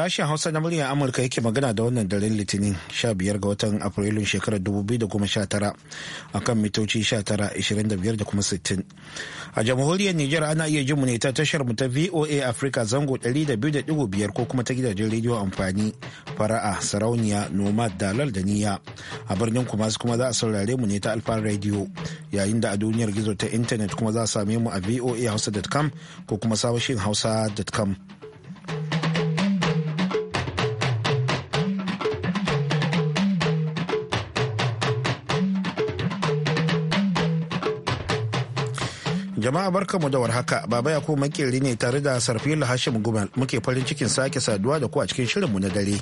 Sashen Hausa na muryar Amurka yake magana da wannan daren Litinin 15 ga watan Afrilun shekarar 2019 akan mitoci 19, da 60. A jamhuriyar Nijar ana iya jin ne ta tashar mu ta VOA Africa zango 200.5 ko kuma ta gidajen rediyo amfani fara'a sarauniya nomad dalal da niya. A birnin kuma kuma za a saurare mu ne ta alfan rediyo yayin da a duniyar gizo ta intanet kuma za a same mu a voa voahausa.com ko kuma sashen hausa.com. Jama'a mu da warhaka, Baba Yakubu Makeri ne tare da Sarfila Hashim Gumal muke farin cikin sake saduwa da ku a cikin shirinmu na dare.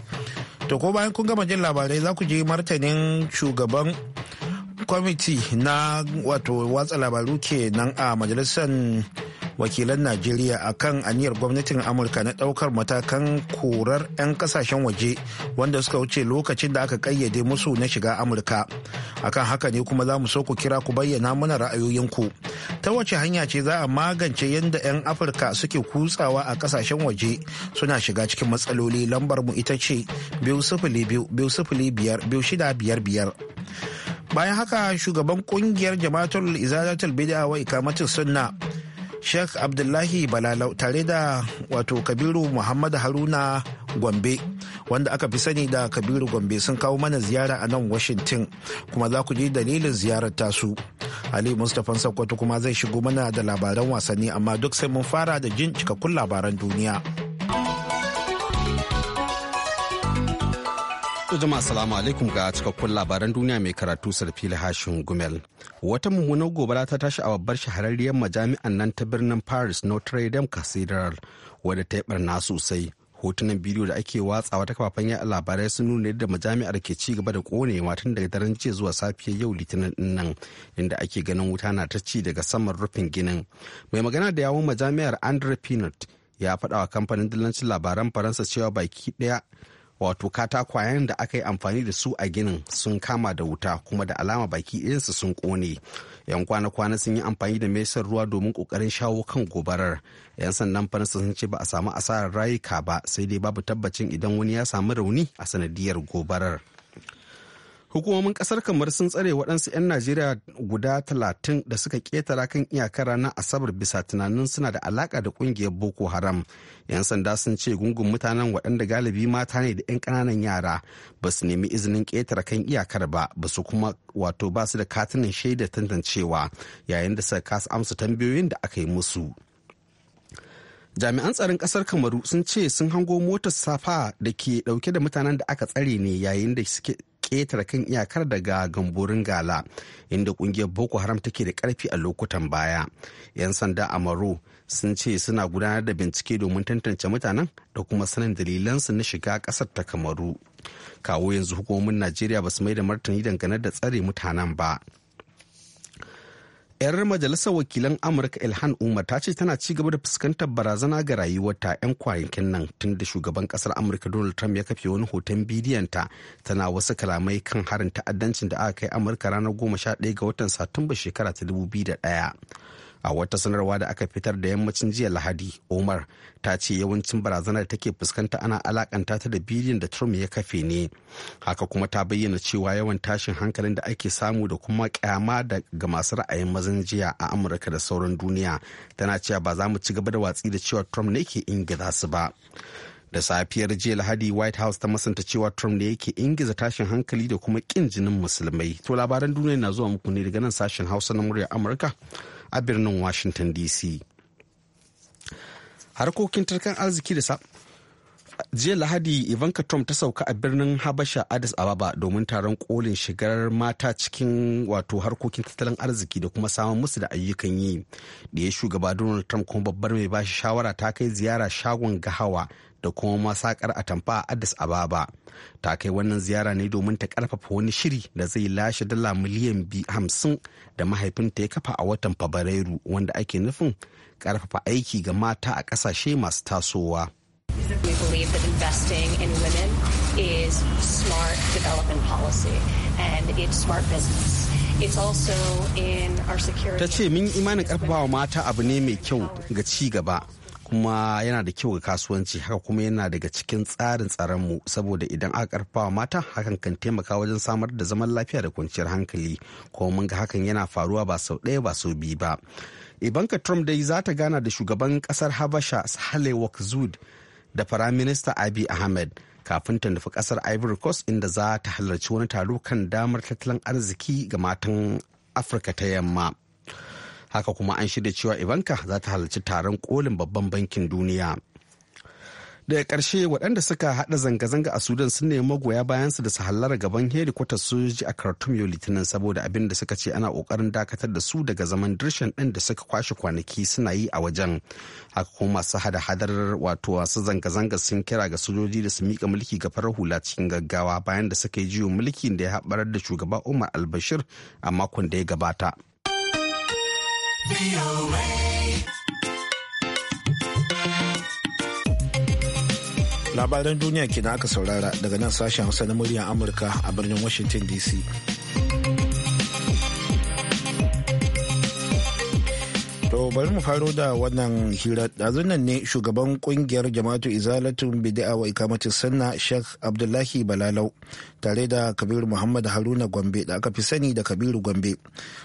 To ko bayan kun gama jin labarai za ku je martanin shugaban kwamiti na wato watsa labaru nan a majalisar wakilan najeriya a kan aniyar gwamnatin amurka na daukar matakan korar 'yan kasashen waje wanda suka wuce lokacin da aka kayyade musu na shiga amurka akan haka ne kuma za mu so ku kira ku bayyana mana ra'ayoyinku ta wace hanya ce za a magance yadda 'yan afirka suke kutsawa a kasashen waje suna shiga cikin matsaloli lambar mu ita ce biyu sifili biyu biyu sifili biyar biyu shida biyar biyar bayan haka shugaban kungiyar jama'atul izalatul bid'a wa ikamatul sunna sheikh abdullahi balalau tare da wato kabiru muhammad haruna gombe wanda aka fi sani da kabiru gombe sun kawo mana ziyara a nan washington kuma za ku ji dalilin ziyarar tasu ali mustapha sakwato kuma zai shigo mana da labaran wasanni amma duk sai mun fara da jin cikakkun labaran duniya. To jama'a assalamu alaikum ga cikakkun labaran duniya mai karatu sarfili hashin gumel. Wata mummunar gobara ta tashi a babbar shahararriyar majami'an nan ta birnin Paris Notre Dame Cathedral wadda ta yi barna sosai. Hotunan bidiyo da ake watsa wata kafafen yaɗa labarai sun nuna yadda majami'ar ke ci gaba da kone tun daga daren jiya zuwa safiyar yau litinin din nan inda ake ganin wuta na ta ci daga saman rufin ginin. Mai magana da yawun majami'ar Andre Pinot ya faɗa wa kamfanin dillancin labaran Faransa cewa baki ɗaya wato katakwayen da aka yi amfani da su a ginin sun kama da wuta kuma da alama baki ɗayansu sun ƙone yan kwana-kwana sun yi amfani da mesar ruwa domin ƙoƙarin shawo kan gobarar yan sandan faransa sun ce ba a samu asarar rayuka ba sai dai babu tabbacin idan wani ya samu rauni a sanadiyar gobarar hukumomin kasar kamar sun tsare waɗansu 'yan najeriya guda talatin da suka ketara kan iyakar ranar asabar bisa tunanin suna da alaka da kungiyar boko haram 'yan sanda sun ce gungun mutanen waɗanda galibi mata ne da 'yan ƙananan yara ba su nemi izinin ketara kan iyakar ba ba su kuma wato ba su da katunan shaida tantancewa yayin da suka kasa amsa tambayoyin da aka yi musu jami'an tsaron kasar kamaru sun ce sun hango motar safa da ke dauke da mutanen da aka tsare ne yayin da suke. ƙetare kan iyakar daga gamburin gala inda ƙungiyar boko haram take da karfi a lokutan baya 'yan sanda a maro sun ce suna gudanar da bincike domin tantance mutanen da kuma sanin dalilansu na shiga ƙasar ta kamaru kawo yanzu hukumomin najeriya ba su mai da martani dangane da tsare mutanen ba 'yar majalisar wakilan amurka ilhan umar ta ce tana ci gaba da fuskantar barazana ga rayuwarta 'yan kwayankin nan tun da shugaban kasar amurka donald trump ya kafe wani hoton ta tana wasu kalamai kan harin ta'addancin da aka kai amurka ranar 11 ga watan satumba shekara ta 2001 a wata sanarwa da aka fitar da yammacin jiya lahadi omar ta ce yawancin barazanar da take fuskanta ana alakanta ta da biliyan da trump ya kafe ne haka kuma ta bayyana cewa yawan tashin hankalin da ake samu da kuma kyama ga masu ra'ayin mazan jiya a amurka da sauran duniya tana cewa ba za mu ci gaba da watsi da cewa trump ne ke ingiza su ba da safiyar jiya lahadi white house ta masanta cewa trump ne yake ingiza tashin hankali da kuma kin jinin musulmai to labaran duniya na zuwa muku ne daga nan sashen hausa na murya amurka a birnin Washington DC. Harkokin tattalin arziki da jiya lahadi ivanka trump ta sauka a birnin habasha addis ababa domin taron kolin shigar mata cikin wato harkokin tattalin arziki da kuma samun musu da ayyukan yi da ya shugaba donald trump kuma babbar mai bashi shawara ta kai ziyara shagon gahawa da kuma masakar atamfa a addis ababa ta kai wannan ziyara ne domin ta karfafa wani shiri da zai lashe dala miliyan hamsin da mahaifinta ya kafa a watan fabrairu wanda ake nufin karfafa aiki ga mata a kasashe masu tasowa. believe that investing in women is smart development policy and it's smart business. Ta ce mun imanin karfafawa mata abu ne mai kyau ga ci gaba kuma yana da kyau ga kasuwanci haka kuma yana daga cikin tsarin tsaronmu saboda idan aka karfafawa mata hakan kan taimaka wajen samar da zaman lafiya da kwanciyar hankali kuma mun ga hakan yana faruwa ba sau ɗaya ba sau biyu ba. Ibanka Trump dai za ta gana da shugaban kasar Habasha Saleh Zud da firaminista abi ahmed kafin ta nufi kasar ivory coast inda za ta halarci wani taro kan damar tattalin arziki ga matan afirka ta yamma haka kuma an shirya cewa ivanka za ta halarci taron kolin babban bankin duniya daga karshe waɗanda suka haɗa zanga-zanga a sudan sun nemi magoya bayansu da su hallara gaban hedikwatar sojoji a khartoum yau litinin saboda abin da suka ce ana ƙoƙarin dakatar da su daga zaman dirshan ɗin da suka kwashe kwanaki suna yi a wajen haka kuma masu hada hadar wato wasu zanga-zanga sun kira ga sojoji da su miƙa mulki ga farar hula cikin gaggawa bayan da suka yi jiyo mulkin da ya haɓarar da shugaba umar albashir a makon da ya gabata. labaran duniya kenan aka saurara daga nan sashen hausa na muryar amurka a birnin washington dc To bari mu faro da wannan hira dazu nan ne shugaban kungiyar jama'atu izalatun bidi'a wa ikamatin sanna Sheikh Abdullahi Balalau tare da Kabiru Muhammad Haruna Gombe da aka fi sani da Kabiru Gombe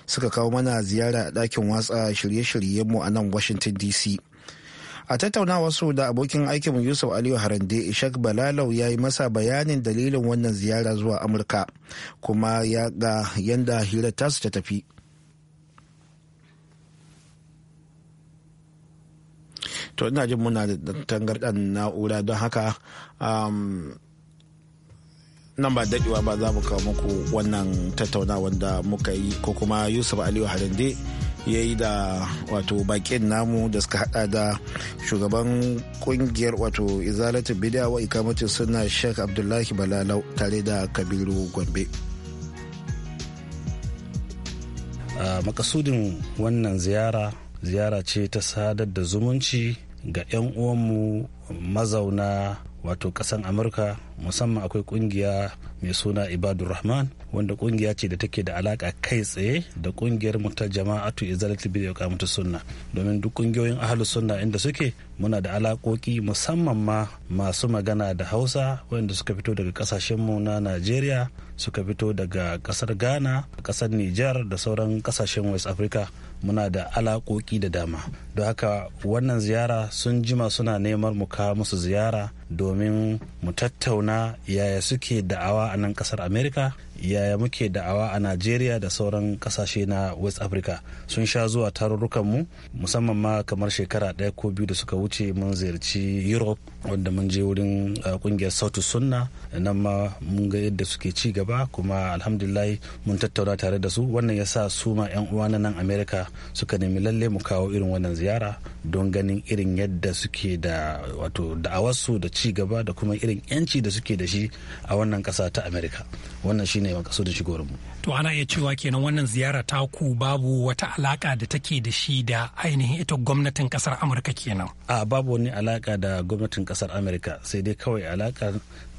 suka kawo mana ziyara a ɗakin watsa shirye-shiryenmu a nan Washington DC. a tattaunawar su da abokin aikinmu yusuf aliyu harande ishak balalau ya yi masa bayanin dalilin wannan ziyara zuwa amurka kuma ya ga yadda hirar tasu ta tafi to ina jin muna da tangardan na'ura don haka um, nan ba daɗewa ba za mu kawo muku wannan tattaunawar da muka yi ko kuma yusuf aliyu harande ya yi da wato bakin namu da suka hada da shugaban kungiyar wato izalatu bidiya wa ikamatu suna sheikh abdullahi balalau tare da kabiru gombe makasudin wannan ziyara ziyara ce ta sadar da zumunci ga 'yan uwanmu mazauna wato kasan amurka musamman akwai kungiya mai suna ibadur rahman wanda kungiya ce da take da alaka kai tsaye da kungiyar mu ta jama'atu bi bid'a kamata sunna domin duk kungiyoyin ahlus sunna inda suke muna da alakoki musamman ma masu magana da hausa wanda suka fito daga kasashen mu na najeriya suka fito daga kasar ghana kasar niger da sauran kasashen west africa muna da alakoki da dama don haka wannan ziyara sun jima suna neman mu kawo musu ziyara domin mu tattauna na yaya suke da'awa a nan kasar america yaya muke da'awa a nigeria da sauran kasashe na west africa sun sha zuwa tarurrukan mu musamman ma kamar shekara ɗaya ko biyu da suka wuce mun ziyarci europe wanda mun je wurin uh, kungiyar sautu sunna nan ma mun ga yadda suke ci gaba kuma alhamdulillah mun tattauna tare da su wannan ya sa su ma 'yan uwa na nan Amerika suka nemi lalle mu kawo irin wannan ziyara don ganin irin yadda suke da wato da'awarsu da ci gaba da kuma irin 'yanci da suke da shi a wannan kasa ta Amerika wannan shine makaso da shigowar mu to ana iya cewa kenan wannan ziyara ta ku babu wata alaka da take da shi da ainihin ita gwamnatin kasar amurka kenan a babu wani alaka da gwamnatin kasar amurka sai dai kawai alakar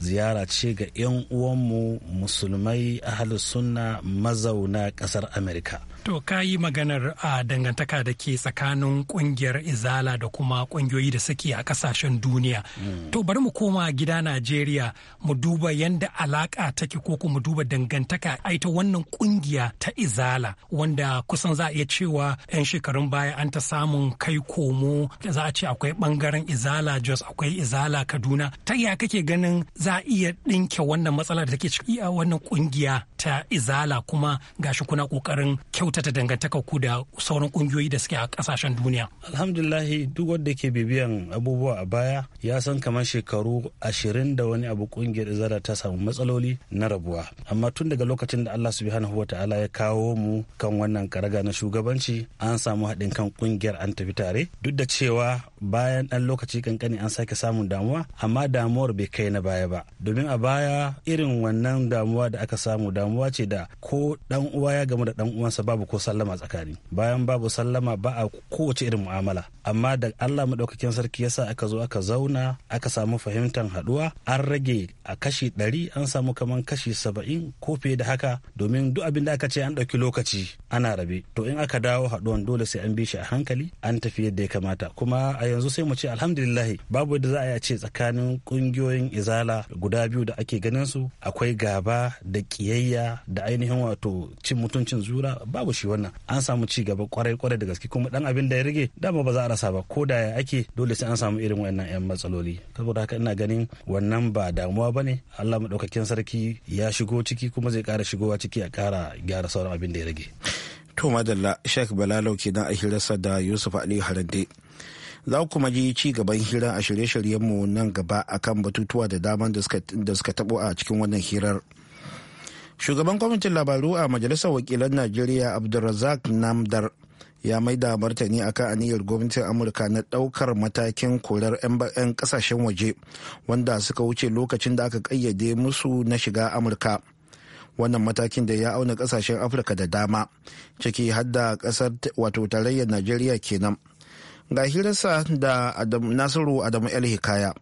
ziyara ce ga 'yan uwanmu musulmai ahalussunna sunna mazauna kasar amurka To ka yi maganar a dangantaka da ke tsakanin kungiyar Izala da kuma kungiyoyi da suke a kasashen duniya. Hmm. To bari mu koma gida Najeriya mu duba yadda alaka take ko kuma duba dangantaka aita wannan kungiya ta Izala wanda kusan za a iya cewa 'yan shekarun baya an ta samun kai komo za a ce akwai bangaren Izala Jos akwai Izala Kaduna. Ta ya kake ganin za a iya ɗinke wannan matsala da take ciki a wannan kungiya ta Izala kuma gashi kuna ƙoƙarin kyauta ta dangantaka ku da sauran kungiyoyi da suke a kasashen duniya alhamdulahi duk wanda ke bibiyan abubuwa a baya ya san kamar shekaru ashirin da wani abu kungiyar izara ta samu matsaloli na rabuwa amma tun daga lokacin da allah subhanahu wa ta'ala ya kawo mu kan wannan karaga na shugabanci an samu haɗin kan kungiyar an tafi tare duk da cewa bayan ɗan lokaci kankani an sake samun damuwa amma damuwar bai kai na baya ba domin a baya irin wannan damuwa da aka samu damuwa ce da ko ɗan uwa ya gamu da ɗan uwansa babu ko sallama tsakani bayan babu sallama ba a kowace irin mu'amala amma da allah maɗaukakin sarki yasa aka zo aka zauna aka samu fahimtar haɗuwa an rage a kashi ɗari an samu kaman kashi saba'in ko fiye da haka domin duk abin da aka ce an ɗauki lokaci ana rabe to in aka dawo haɗuwan dole sai an bi shi a hankali an tafi yadda ya kamata kuma a yanzu sai mu ce alhamdulillah babu yadda za a yi ce tsakanin ƙungiyoyin izala guda biyu da ake ganin su akwai gaba da ƙiyayya da ainihin wato cin mutuncin zura babu shi wannan an samu ci gaba kwarai kwarai da gaske kuma ɗan abin da ya rage dama ba za a rasa ba ko da ake dole sai an samu irin wannan 'yan matsaloli saboda haka ina ganin wannan ba damuwa ba ne allah maɗaukakin sarki ya shigo ciki kuma zai kara shigowa ciki a kara gyara sauran abin da ya rage to madalla shek balalau kenan a hirarsa da yusuf ali harande za kuma ji ci gaban hira a shirye-shiryenmu nan gaba akan batutuwa da daman da suka tabo a cikin wannan hirar shugaban kwamitin labaru a majalisar wakilan najeriya abdulrazak namdar ya mai da martani akan aniyar gwamnatin amurka na daukar matakin korar 'yan kasashen waje wanda suka wuce lokacin da aka kayyade musu na shiga amurka wannan matakin da ya auna kasashen afirka da dama ciki har da kasar wato tarayyar najeriya kenan ga hirarsa da nasiru adamu el hikaya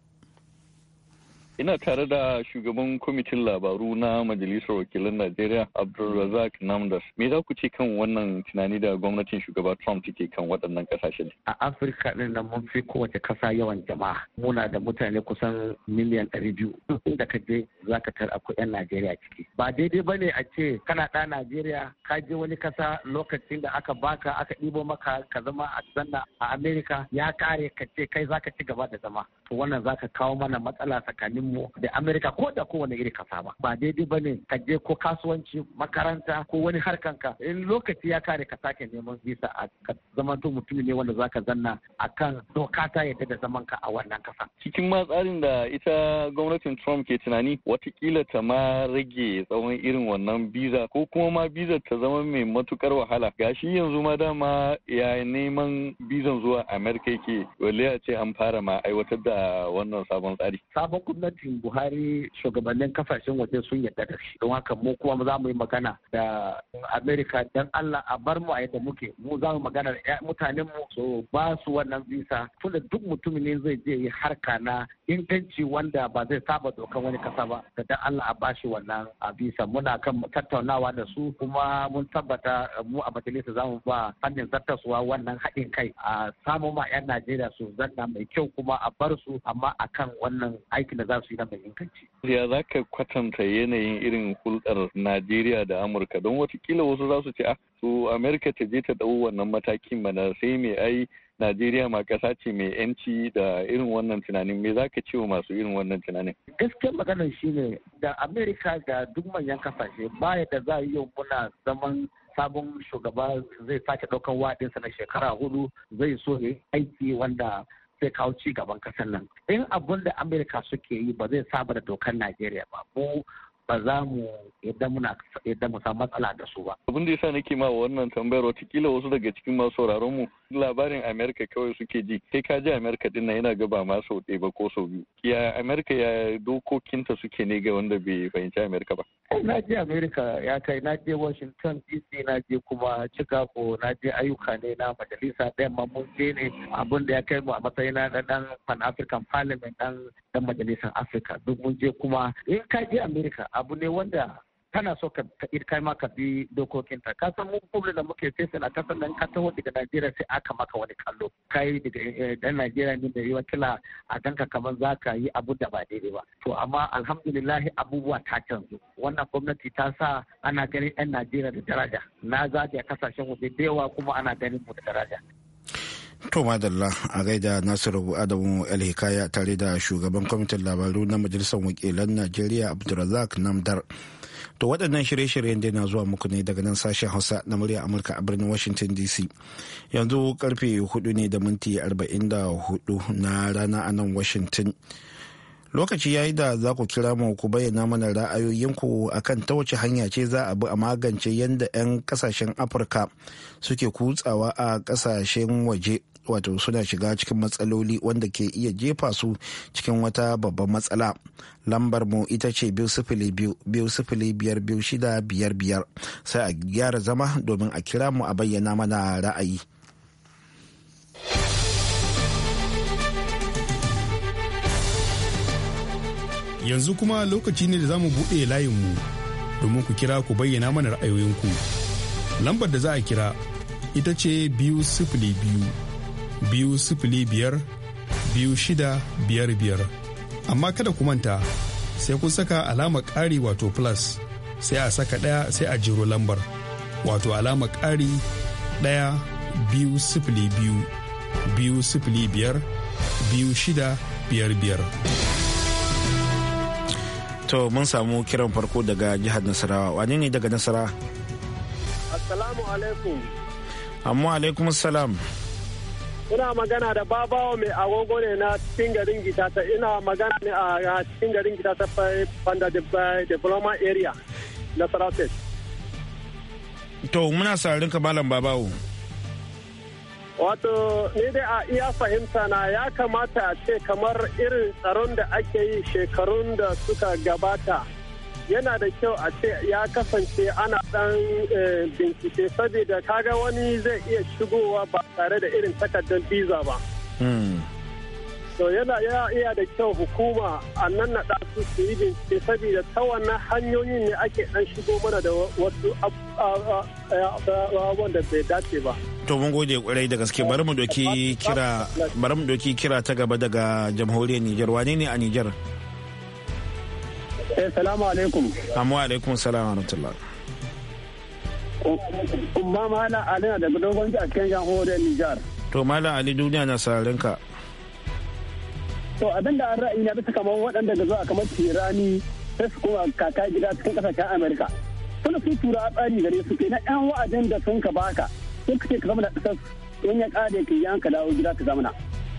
Ina tare da shugaban kwamitin labaru na Majalisar Wakilan Najeriya Abdulrazak Namdas. Me za ku ce kan wannan tunani da gwamnatin shugaba Trump take kan waɗannan ƙasashen? A Afirka ɗin nan mun fi kowace ƙasa yawan jama'a. Muna da mutane kusan miliyan ɗari biyu. Inda ka je za ka tar akwai 'yan Najeriya ciki. Ba daidai ba ne a ce kana ɗa Najeriya ka je wani ƙasa lokacin da aka baka aka ɗibo maka ka zama a zanna a Amerika ya kare ka ce kai za ka ci gaba da zama. To wannan za ka kawo mana matsala tsakanin mu da Amerika ko da kowane iri kasa ba ba daidai ba ne ka je ko kasuwanci makaranta ko wani ka in lokaci ya kare ka sake neman visa a zaman to mutum ne wanda zaka zanna akan doka ta yadda da zaman ka a wannan kasa cikin ma tsarin da ita gwamnatin Trump ke tunani watakila ta ma rage tsawon irin wannan biza ko kuma ma visa ta zama mai matukar wahala gashi yanzu ma dama ya neman bizan zuwa Amerika yake wale a ce an fara ma aiwatar da wannan sabon tsari sabon gwamnatin buhari shugabannin kasashen waje sun yarda da shi don haka mu kuma za mu yi magana da america don allah a bar mu a yadda muke mu za mu magana da mutanen mu so ba su wannan visa tunda duk mutumin ne zai je yi harka na inganci wanda ba zai saba dokan wani kasa ba da dan allah a bashi wannan a visa muna kan tattaunawa da su kuma mun tabbata mu a majalisa za mu ba fannin zartaswa wannan haɗin kai a samu ma 'yan najeriya su zanna mai kyau kuma a bar su amma akan wannan aikin da za su yi nan Ya za ka kwatanta yanayin irin hulɗar Najeriya da Amurka don watakila wasu za su ce a ah, su Amerika ta je ta ɗau wannan matakin mana sai mai ai Najeriya ma ƙasa ce mai yanci da irin wannan tunanin me za ka ce wa masu irin wannan tunanin? Gaskiyar maganar shi ne da Amerika da duk manyan kasashe baya da za a yi muna zaman sabon shugaba zai sake ɗaukan waɗinsa na shekara hudu zai so ya aiki wanda zai kawo ci gaban kasar nan in abun da amurka suke yi ba zai saba da dokar najeriya ba mu ba za mu yadda muna yadda mu samu matsala da su ba. Abin da yasa nake ma wannan tambayar watakila wasu daga cikin masu sauraron mu labarin Amerika kawai suke ji kai ka ji Amerika din nan yana gaba ma sau ɗaya ba ko sau biyu. Ya Amerika ya dokokinta suke ne ga wanda bai fahimci Amerika ba. Na je Amerika ya kai na je Washington DC na je kuma Chicago na je ayyuka ne na majalisa ɗaya ma mun je ne abin da ya kai mu a matsayin na ɗan Pan African Parliament ɗan majalisar Africa duk mun je kuma in ka je Amerika abu ne wanda kana so ka kai ma ka bi dokokinta ka san mu problem da muke fesa a kasan nan ka taho daga Najeriya sai aka maka wani kallo kai daga dan eh, Najeriya ne da yawa kila a ganka kamar za ka yi abu da ba daidai ba to amma alhamdulillah abubuwa ta canzu wannan gwamnati ta sa ana ganin yan Najeriya da daraja na zagaya kasashen waje da yawa kuma ana ganin mu da daraja To madalla a gaida Nasiru Adamu El-Hikaya tare da shugaban kwamitin labaru na Majalisar Wakilan Najeriya Abdulrazak Namdar. To waɗannan shirye-shiryen dai na zuwa muku ne daga nan sashen Hausa na murya Amurka a birnin Washington DC. Yanzu karfe hudu ne da minti arba'in da hudu na rana a nan Washington. Lokaci ya yi da za ku kira mu ku bayyana mana ra'ayoyinku a kan ta wace hanya ce za a bi a magance yadda 'yan kasashen Afirka suke kutsawa a kasashen waje wato suna shiga cikin matsaloli wanda ke iya jefa su cikin wata babban matsala lambar mu ita ce biyu sifili biyu biyu sifili biyar biyu shida biyar biyar sai a gyara zama domin a kira mu a bayyana mana ra'ayi yanzu kuma lokaci ne da za mu buɗe layinmu domin ku kira ku bayyana mana ra'ayoyinku lambar da za a kira ita ce biyu sifili biyu biyu sifili biyar biyu shida biyar biyar amma kada ku manta sai kun saka alama ƙari wato plus sai a saka ɗaya sai a jiro lambar wato alama ƙari ɗaya biyu sifili biyu biyu sifili biyar biyu shida biyar biyar. To mun samu kiran farko daga jihar Nasarawa wani ne daga Nasara? Assalamu alaikum. Amma alaikum salam. ina magana da babawa mai agogo ne na cikin garin gita ta ina magana ne a cikin garin gita ta fanda diploma area na sarautet to muna sararin ka malam babawo wato ni dai a iya fahimta na ya kamata a ce kamar irin tsaron da ake yi shekarun da suka gabata yana da kyau a ce ya kasance ana dan eh, bincike saboda kaga wani zai iya shigowa ba tare da irin takardar visa ba. Hmm. So yana iya da kyau hukuma a nan na ɗasu su yi bincike saboda ta wannan hanyoyin ne ake dan shigo mana da wasu abubuwan da bai dace ba. To mun gode kwarai da gaske bari mu doki kira bari mu doki kira ta gaba daga jamhuriyar Nijar wane ne a Nijar? Eh, salamu alaikum. amu alaikum salamu alaikum. Umma Malam Ali na daga dogon a cikin hore Nijar. To Malam Ali duniya na sararin ka. To abin da an ra'ayi na bisa kamar waɗanda da zuwa kamar Tirani ta su koma kaka gida cikin ƙasashen Amerika. Suna sun tura tsari gare su ke na 'yan wa'adin da sun ka baka. Sun kake ka zamana ƙasar in ya ƙare ka yi ka dawo gida ka zamana.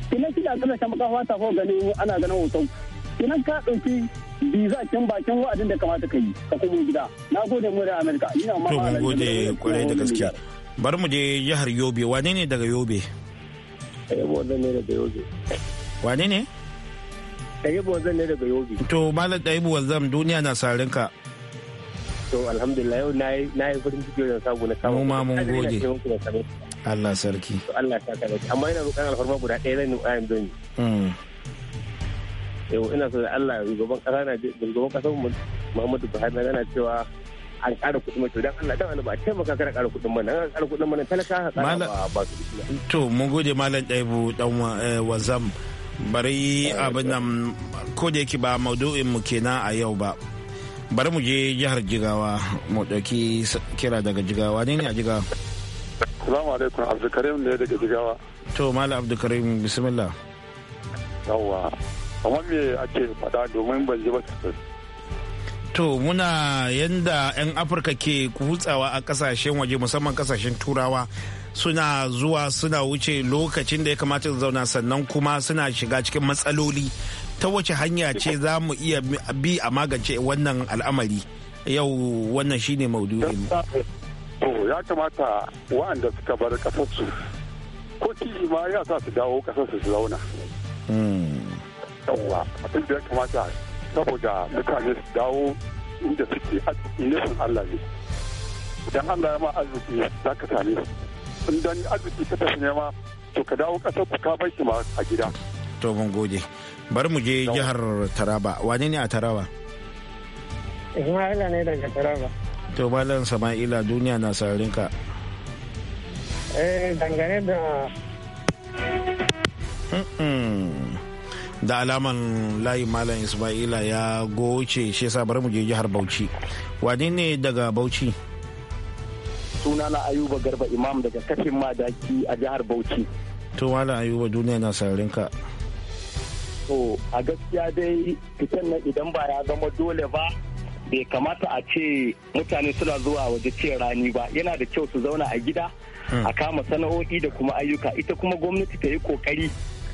Kinan shi da ƙasashen makawa ta ko ganin ana ganin hoton. Kinan ka ɗauki biza tun bakin wa'adin da kamata ka yi ka kuma gida na gode mu da amerika ina ma to mun gode kwarai da gaskiya. bari mu je jihar yobe wane ne daga yobe yabo zan ne daga yobe wane ne ɗayibu wanzam ne daga yobe to malam ɗayibu wanzam duniya na sarin ka to alhamdulillah yau na yi farin cikin wajen sabu na samu kuma mun gode Allah sarki Allah ya saka amma ina roƙon alfarma guda ɗaya zan yi ayyukan zan yi hmm. yau eh, ina so da Allah gaban kasa na shugaban kasa Muhammadu Buhari yana cewa an ƙara kuɗin mai dan Allah dan Allah ba taimaka kana ƙara kuɗin mana an ƙara kuɗin mana talaka ka ƙara ba su to mun gode malam Daibu dan eh, wazam bari eh, abin nan ko da yake ba maudu'in mu kenan a yau ba bari mu je jihar Jigawa mu ɗauki kira daga Jigawa ne ne a Jigawa Salamu alaikum Abdulkarim ne daga Jigawa to malam Abdulkarim bismillah yawwa kamar me ake faɗa domin ban ji ba to muna yanda 'yan afirka ke kutsawa a kasashen waje musamman kasashen turawa suna zuwa suna wuce lokacin da ya kamata su zauna sannan kuma suna shiga cikin matsaloli ta wace hanya ce za mu iya bi a magance wannan al'amari yau wannan shine maudu'in to ya kamata wa'anda suka bar kasarsu ko ma ya sa su dawo kasarsu su zauna hmm. yawwa abin da ya kamata saboda mutane su dawo inda suke nufin Allah ne idan Allah ya ma arziki za ka same su in dan arziki ka tafi nema to ka dawo ƙasar ku ka bar shi ma a gida to mun gode bari mu je jihar Taraba wane ne a Taraba Ismaila ne daga Taraba to malam Sama'ila duniya na sararin ka eh dangane da da alaman layi malam ismaila ya goce shi yasa bari mu je jihar bauchi wani ne daga bauchi suna na ayuba garba imam daga kafin madaki a jihar bauchi to malam ayuba duniya na sararin ka to a gaskiya dai fitan na idan ba ya zama dole ba bai kamata a ce mutane suna zuwa waje ce rani ba yana da kyau su zauna a gida hmm. a kama sana'o'i da kuma ayyuka ita kuma gwamnati ta yi kokari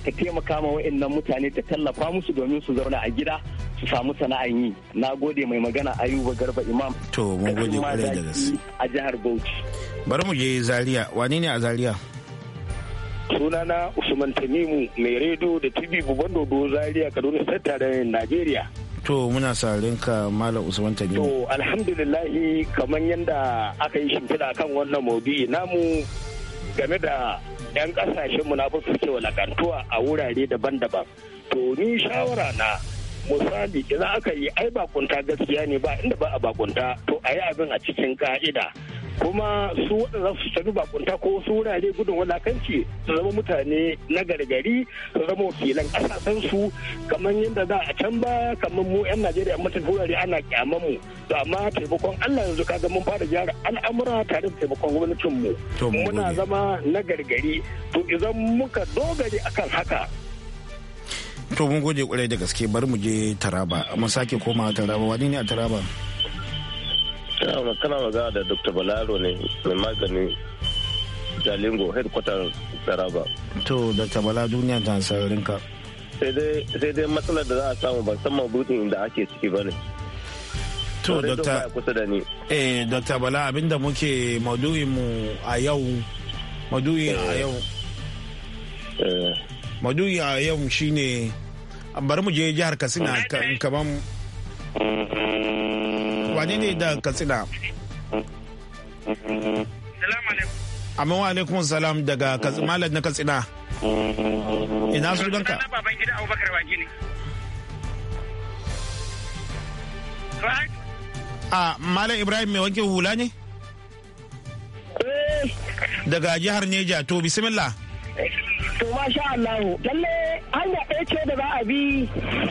ta taimaka ma wa'annan mutane ta tallafa musu domin su zauna a gida su samu sana'an yi na gode mai magana ayuba garba imam to mun gode kwarai da gaske a jihar bauchi bari mu je zaria wani ne a zaria sunana usman tamimu mai rediyo da tv buban dodo zaria kaduna state tarayyar najeriya to muna sarin ka malam usman tamimu to alhamdulillahi kamar yadda aka yi shimfiɗa kan wannan maudu'i namu game da 'yan kasashen mu na suke walakantuwa a wurare daban-daban to ni shawara na misali idan aka yi ai bakunta gaskiya ne ba inda ba a bakunta to a yi abin a cikin ka'ida kuma su waɗanda su sanu bakunta ko su wurare gudun wadakanci su zama mutane na gargari su zama wakilan su kamar yadda za a can ba kamar mu 'yan najeriya mutum wurare ana kyaman mu to amma taimakon allah yanzu kaga mun fara gyara al'amura tare da taimakon mu muna zama na gargari to idan muka dogare akan haka to mun gode kwarai da gaske bari mu je taraba mu sake koma taraba wani ne a taraba kana magana da dr balaro ne mai magani jalingo headquarter taraba to dr bala duniya ta saurin ka sai dai matsalar da za a samu ban san mabutin da ake ciki ba ne to dr eh, bala abinda muke maudu'in mu a yau maudu'in a eh. yau eh. Maduyi a yau shine bari mu je jihar katsina kaman wane ne da katsina amin wa alaikum salam daga malam na katsina ina sunanka baban gida abubakar wage ne a malam ibrahim mai wanke hula ne eh. daga jihar neja to bismillah to masha Allah lalle hanya ɗaya ce da za a bi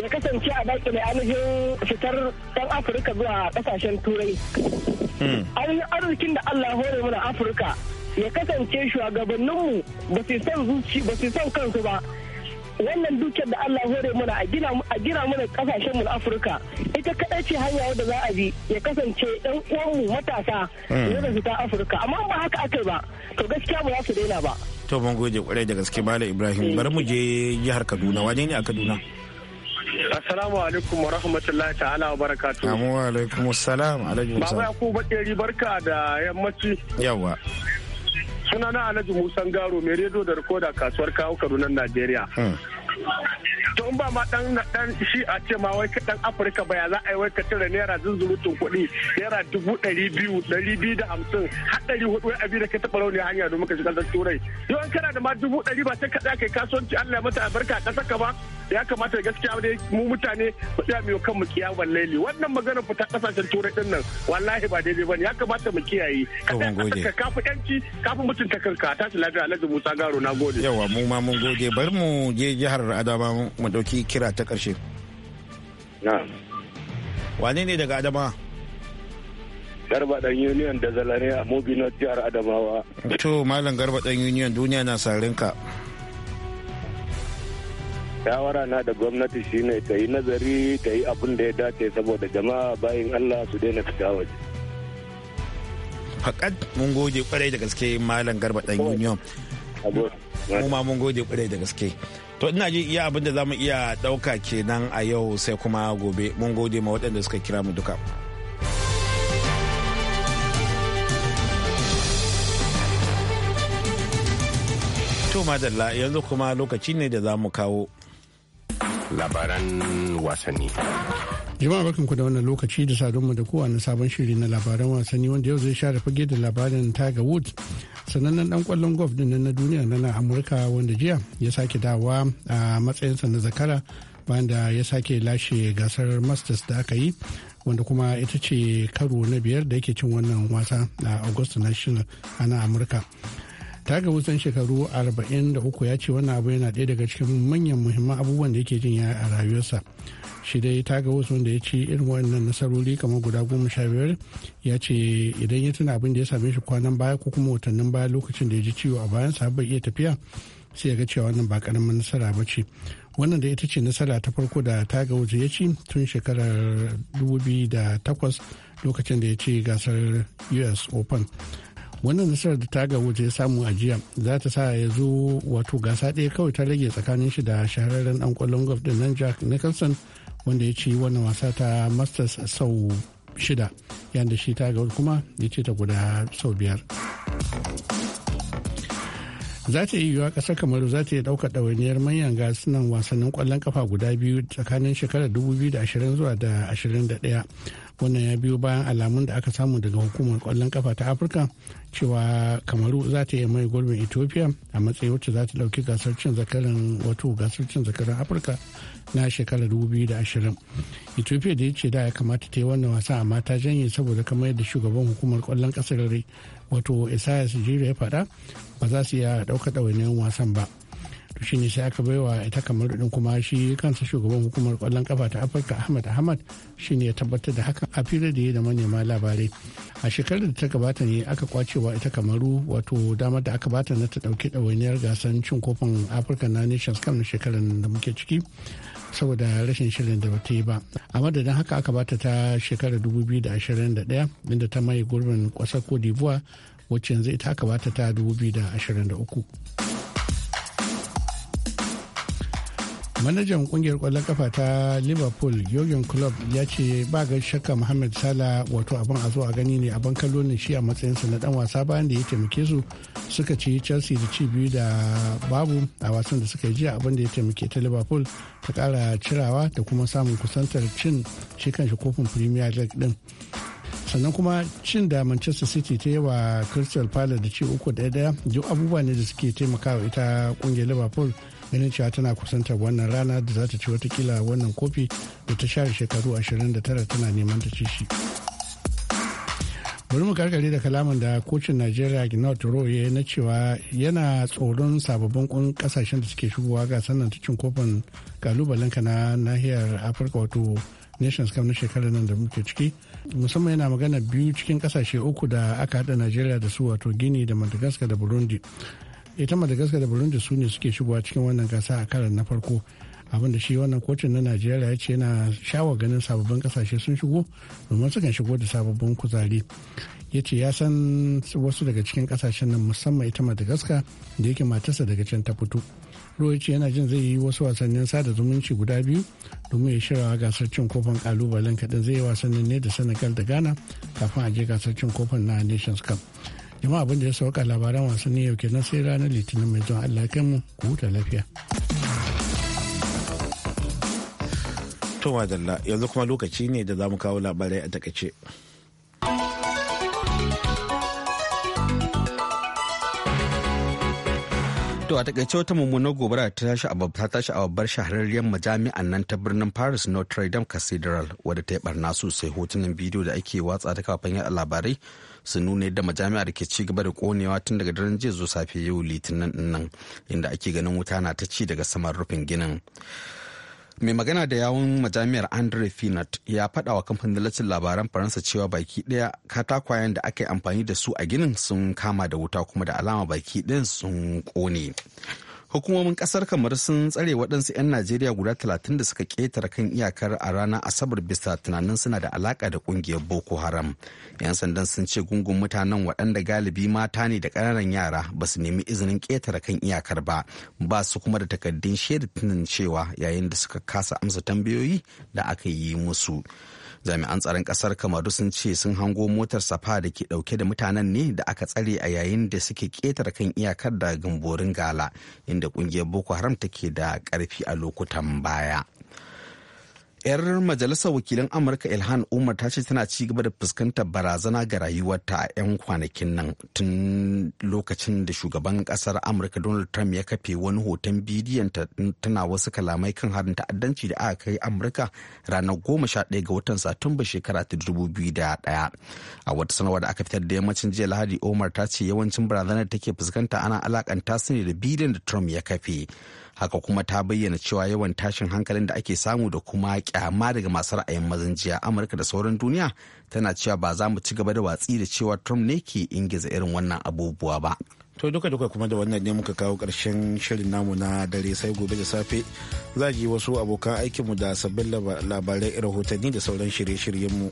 ya kasance a baki da ainihin fitar ɗan Afirka zuwa ƙasashen Turai. Hmm. An Arzikin da Allah hore mana Afirka ya kasance shugabanninmu ba su son zuci ba su son kansu ba wannan dukiyar da Allah hore mana a gina a gina mana kasashen mu na Afirka ita kadai ce hanya wadda za a bi ya kasance ɗan mu matasa ne hmm. da fita Afirka amma ba haka aka ba to gaskiya ba za su daina ba to mun gode kwarai da gaske malam ibrahim bari mu je jihar kaduna waje ne a kaduna Assalamu alaikum wa rahmatullahi ta'ala wa barakatu. Amu wa alaikum assalam alaikum salam. Baba Yakubu Bakeri barka da yammaci. Yawa. Sunana alaji Musan Garo mai rediyo da rikoda kasuwar kawo Kaduna Najeriya. Hmm. to in ba ma dan dan shi a ce ma wai dan afirka ba ya za a yi wai ka cire naira zunzurutun kuɗi naira dubu ɗari biyu ɗari biyu da hamsin har ɗari hudu wai abi da ka taɓa rauni hanya domin ka shiga turai yau kana da ma dubu ɗari ba sai ka tsaya kai kasuwanci allah ya mata albarka ka saka ba ya kamata gaskiya dai mu mutane mu tsaya mu kan mu kiyawan laili wannan magana fita kasashen turai din nan wallahi ba daidai bane ya kamata mu kiyaye ka kafa yanci kafi mutunta kanka ta lafiya Alhaji Musa Garo na gode yawa mu ma mun gode bari mu je jihar Adama mu dauki kira ta karshe na. wane ne daga Adama Garba dan Union da Zalare a Mobinot jihar Adamawa. To Malam Garba dan Union duniya na sarinka. shawara na da gwamnati shine ta yi nazari ta yi abin da ya dace saboda jama'a bayan allah su daina fita waje fakat mun goge kwarai da gaske malam garba dan union kuma mun goge kwarai da gaske to ina ji iya abin da zamu iya ɗauka kenan a yau sai kuma gobe mun gode ma waɗanda suka kira mu duka to madalla yanzu kuma lokaci ne da za mu kawo labaran wasanni. Jama'a ku da wannan lokaci da sadonmu da kowa na sabon shiri na labaran wasanni wanda yau zai share fage da labarin Tiger Woods sanannen dan kwallon golf din na duniya na Amurka wanda jiya ya sake dawa a matsayinsa na zakara bayan da ya sake lashe gasar Masters da aka yi wanda kuma ita ce karo na biyar da yake cin wannan wasa a Augusta National a na Amurka. ta ga wasan shekaru 43 ya ce wannan abu yana ɗaya daga cikin manyan muhimman abubuwan da yake jin ya a rayuwarsa shi dai ta ga wasu wanda ya ci irin wannan nasarori kamar guda goma sha biyar ya ce idan ya tuna abin da ya same shi kwanan baya ko kuma watannin baya lokacin da ya ji ciwo a bayan sa bai iya tafiya sai ya ga cewa wannan ba karamin nasara ba ce wannan da ita ce nasara ta farko da ta ga wuce ya ci tun shekarar 2008 lokacin da ya ce gasar us open wannan nasarar da ta gamu ya samu a jiya za ta sa ya zo wato gasa ɗaya kawai ta rage tsakanin shi da shahararren ɗan ƙwallon golf ɗin nan jack nicholson wanda ya ci wannan wasa ta masters sau shida yadda shi ta gawar kuma ya ce ta guda sau biyar za ta yi yiwuwa kasar kamaru za ta iya ɗaukar ɗawainiyar manyan gasunan wasannin kwallon kafa guda biyu tsakanin shekarar 2020 zuwa da 21 wannan ya biyo bayan alamun da aka samu daga hukumar kwallon kafa ta afirka cewa kamaru za ta iya mai gurbin ethiopia a matsayin wacce za ta ɗauki gasar cin zakarin wato gasar cin zakarin afirka na shekarar 2020 ethiopia da ya ce da ya kamata ta yi wannan wasa amma ta janye saboda kamar yadda shugaban hukumar ƙwallon ƙasar wato isaias jira ya faɗa ba za su iya ɗaukar ɗawainiyar wasan ba to shine sai aka baiwa ita kamar din kuma shi kansa shugaban hukumar kwallon kafa ta afirka ahmad ahmad shine ya tabbatar da hakan a filar da ya da manema labarai a shekarar da ta gabata ne aka kwacewa ita kamaru wato damar da aka bata na ta ɗauki ɗawainiyar gasar cin kofin afirka na nations cup na shekarar da muke ciki saboda rashin shirin da bata yi ba a madadin haka aka bata ta shekarar 2021 inda ta maye gurbin kwasar cote d'ivoire wacce yanzu ita aka bata ta 2023 manajan kungiyar kwallon kafa ta liverpool yoyon club ya ce ba ga shakka mohamed salah wato abin a zo a gani ne abin kallo ne shi a matsayinsa na dan wasa bayan da ya taimake su suka ci chelsea da ci biyu da babu a wasan da suka yi jiya abin da ya taimake ta liverpool ta kara cirawa da kuma samun kusantar cin shi kofin premier league din sannan kuma cin da manchester city ta yi wa crystal palace da ci uku da daya duk abubuwa ne da suke taimakawa ita kungiyar liverpool ganin cewa tana kusantar wannan rana da za ta ci watakila wannan kofi da ta share shekaru 29 tana neman ta ci shi bari mu karkare da kalaman da kocin nigeria ginot roye na cewa yana tsoron sababbin kun kasashen da suke shigowa gasar nan ta cin kofin kalubalenka na nahiyar afirka wato nations cup na shekarar nan da muke ciki musamman yana magana biyu cikin kasashe uku da aka hada najeriya da su wato gini da madagascar da burundi ita madagascar da burundi su ne suke shigowa cikin wannan gasa a karan na farko abin da shi wannan kocin na najeriya ya ce yana shawar ganin sababbin kasashe sun shigo domin sukan shigo da sababbin kuzari ya ce ya san wasu daga cikin kasashen nan musamman ita madagascar da yake matarsa daga can ta fito Roic yana jin zai yi wasu wasannin sada zumunci guda biyu domin ya shirya gasar cin kofin kalubalen kaɗan zai yi wasannin ne da Senegal da Ghana kafin a je gasar cin kofin na Nations Cup. Jama'a abinda da ya sauka labaran wasanni yau kenan sai ranar Litinin mai zuwa Allah kai mu ku huta lafiya. To madalla yanzu kuma lokaci ne da za mu kawo labarai a takaice. To a takaice wata mummunar gobara ta tashi a babbar shahararriyar majami'an nan ta birnin Paris Notre Dame Cathedral wadda ta yi barna sosai hotunan bidiyo da ake watsa ta kafin yada labarai su nuna yadda majami'a da ke ci gaba da konewa tun daga daren jiya zuwa safe yau litinin nan inda ake ganin wuta na ta ci daga saman rufin ginin. mai magana da yawun majami'ar andre finot ya faɗa wa kamfanin labaran faransa cewa baki ɗaya katakwayen da aka yi amfani da su a ginin sun kama da wuta kuma da alama baki ɗin sun ƙone hukumomin kasar kamar sun tsare waɗansu 'yan najeriya guda 30 da suka ƙetare kan iyakar a ranar asabar bisa tunanin suna da alaka da ƙungiyar boko haram 'yan sandan sun ce gungun mutanen waɗanda galibi mata ne da ƙananan yara ba su nemi izinin ƙetare kan iyakar ba ba su kuma da takardun shaidatinin cewa yayin da suka kasa amsa tambayoyi da aka yi musu jami'an tsaron kasar kamaru sun ce sun hango motar safa da ke dauke da mutanen ne da aka tsare a yayin da suke ketare kan iyakar da gamborin gala inda kungiyar boko haram take da karfi a lokutan baya 'yar majalisar wakilin amurka ilhan umar ta ce tana ci gaba da fuskantar barazana ga rayuwarta a 'yan kwanakin nan tun lokacin da shugaban kasar amurka donald trump ya kafe wani hoton bidiyon tana wasu kalamai kan harin ta'addanci da aka kai amurka ranar goma sha ɗaya ga watan satumba shekara ta dubu biyu da ɗaya a wata sanarwa da aka fitar da yammacin jiya lahadi umar ta ce yawancin barazanar da take fuskanta ana alakanta su ne da bidiyon da trump ya kafe haka kuma ta bayyana cewa yawan tashin hankalin da ake samu da kuma kyama daga masu ra'ayin mazan jiya amurka da sauran duniya tana cewa ba za mu ci gaba da watsi da cewa trump ne ke ingiza irin wannan abubuwa ba to duka duka kuma da wannan ne muka kawo karshen shirin namu na dare sai gobe da safe za ji wasu abokan aikinmu da sabbin labarai rahotanni da sauran shirye-shiryenmu.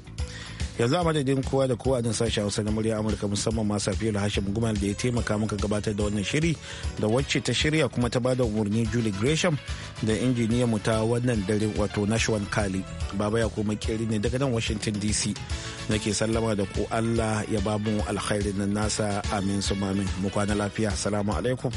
yanzu a madadin kowa da kowa din sashen hausa na murya amurka musamman ma da hashim gumal da ya taimaka muka gabatar da wannan shiri da wacce ta shirya kuma ta bada umarni julie gresham da injiniyan mu ta wannan dare wato nashwan kali baba ya kuma kiri ne daga nan washington dc nake sallama da ku allah ya ba alkhairin nan nasa amin su mamin mu kwana lafiya salamu alaikum